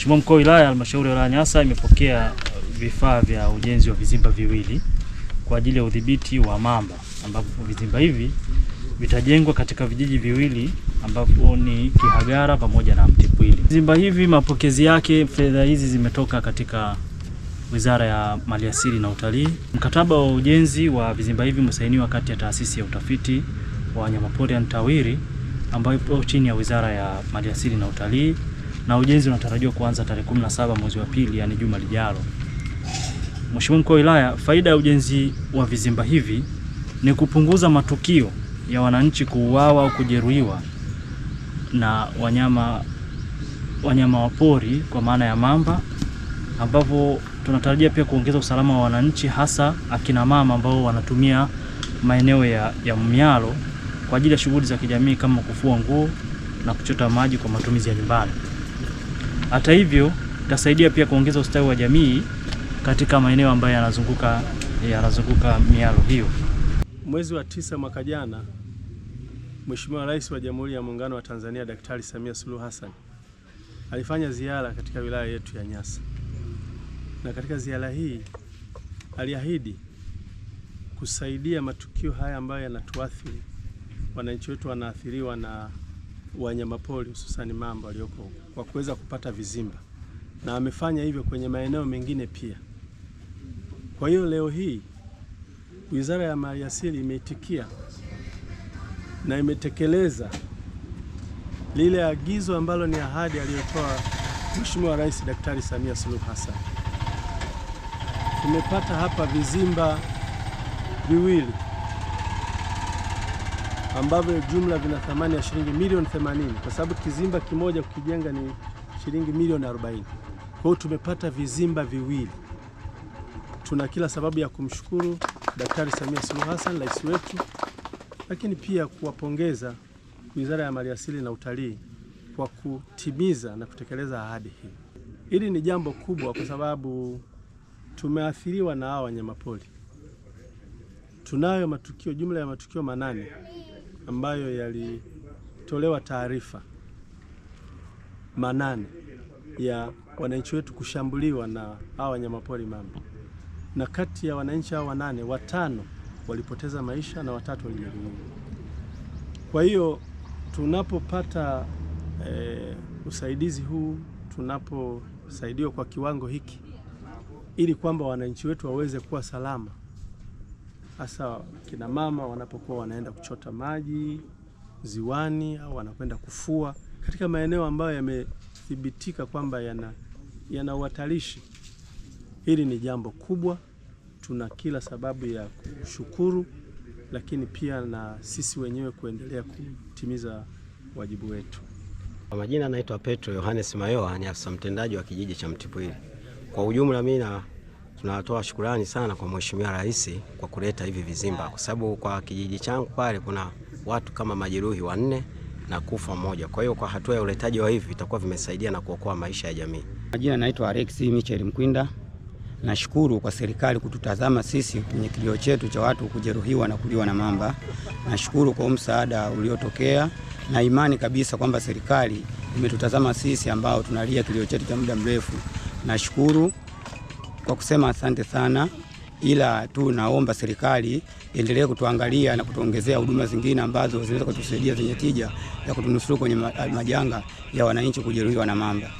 Mheshimiwa Mkuu wa Wilaya, Halmashauri ya Wilaya Nyasa imepokea uh, vifaa vya ujenzi wa vizimba viwili kwa ajili ya udhibiti wa mamba, ambapo vizimba hivi vitajengwa katika vijiji viwili ambapo ni Kihagara pamoja na Mtipwili. Vizimba hivi mapokezi yake, fedha hizi zimetoka katika Wizara ya Maliasili na Utalii. Mkataba wa ujenzi wa vizimba hivi umesainiwa kati ya Taasisi ya Utafiti wa Wanyamapori ya Ntawiri ambayo ipo chini ya Wizara ya Maliasili na Utalii na ujenzi unatarajiwa kuanza tarehe 17 mwezi wa pili, yani juma lijalo. Mheshimiwa Mkuu wa Wilaya, faida ya ujenzi wa vizimba hivi ni kupunguza matukio ya wananchi kuuawa au kujeruhiwa na wanyama wanyama wa pori kwa maana ya mamba, ambapo tunatarajia pia kuongeza usalama wa wananchi, hasa akina mama ambao wanatumia maeneo ya, ya mmyalo kwa ajili ya shughuli za kijamii kama kufua nguo na kuchota maji kwa matumizi ya nyumbani. Hata hivyo, itasaidia pia kuongeza ustawi wa jamii katika maeneo ambayo yanazunguka yanazunguka mialo hiyo. Mwezi wa tisa mwaka jana, Mheshimiwa Rais wa Jamhuri ya Muungano wa Tanzania Daktari Samia Suluhu Hassan alifanya ziara katika wilaya yetu ya Nyasa, na katika ziara hii aliahidi kusaidia matukio haya ambayo yanatuathiri, wananchi wetu wanaathiriwa na wanyamapori hususani mamba walioko huko kwa kuweza kupata vizimba, na wamefanya hivyo kwenye maeneo mengine pia. Kwa hiyo leo hii Wizara ya Maliasili imeitikia na imetekeleza lile agizo ambalo ni ahadi aliyotoa Mheshimiwa Rais Daktari Samia Suluhu Hassan. Tumepata hapa vizimba viwili ambavyo jumla vina thamani ya shilingi milioni 80 kwa sababu kizimba kimoja kukijenga ni shilingi milioni 40. Kwa hiyo tumepata vizimba viwili. Tuna kila sababu ya kumshukuru Daktari Samia Suluhu Hassan, rais wetu, lakini pia kuwapongeza Wizara ya Maliasili na Utalii kwa kutimiza na kutekeleza ahadi hii. Hili ni jambo kubwa kwa sababu tumeathiriwa na hawa wanyamapori. Tunayo matukio jumla ya matukio manane ambayo yalitolewa taarifa manane ya wananchi wetu kushambuliwa na hawa wanyamapori mamba, na kati ya wananchi hao wanane, watano walipoteza maisha na watatu walijeruhiwa. Kwa hiyo tunapopata eh, usaidizi huu, tunaposaidiwa kwa kiwango hiki, ili kwamba wananchi wetu waweze kuwa salama hasa kina mama wanapokuwa wanaenda kuchota maji ziwani au wanakwenda kufua katika maeneo ambayo yamethibitika kwamba yana yana uhatarishi. Hili ni jambo kubwa, tuna kila sababu ya kushukuru, lakini pia na sisi wenyewe kuendelea kutimiza wajibu wetu. Kwa majina anaitwa Petro Yohanes Mayoa, ni afisa mtendaji wa kijiji cha Mtipwili. Kwa ujumla mimi na tunatoa shukurani sana kwa Mheshimiwa Rais kwa kuleta hivi vizimba, kwa sababu kwa kijiji changu pale kuna watu kama majeruhi wanne na kufa mmoja. Kwa hiyo kwa hatua ya uletaji wa hivi itakuwa vimesaidia na kuokoa maisha ya jamii. Majina naitwa Alex Michel Mkwinda. Nashukuru kwa serikali kututazama sisi kwenye kilio chetu cha watu kujeruhiwa na kuliwa na mamba. Nashukuru kwa msaada uliotokea na imani kabisa kwamba serikali imetutazama sisi ambao tunalia kilio chetu cha muda mrefu. Nashukuru kwa kusema asante sana, ila tu naomba serikali endelee kutuangalia na kutuongezea huduma zingine ambazo zinaweza kutusaidia zenye tija ya kutunusuru kwenye majanga ya wananchi kujeruhiwa na mamba.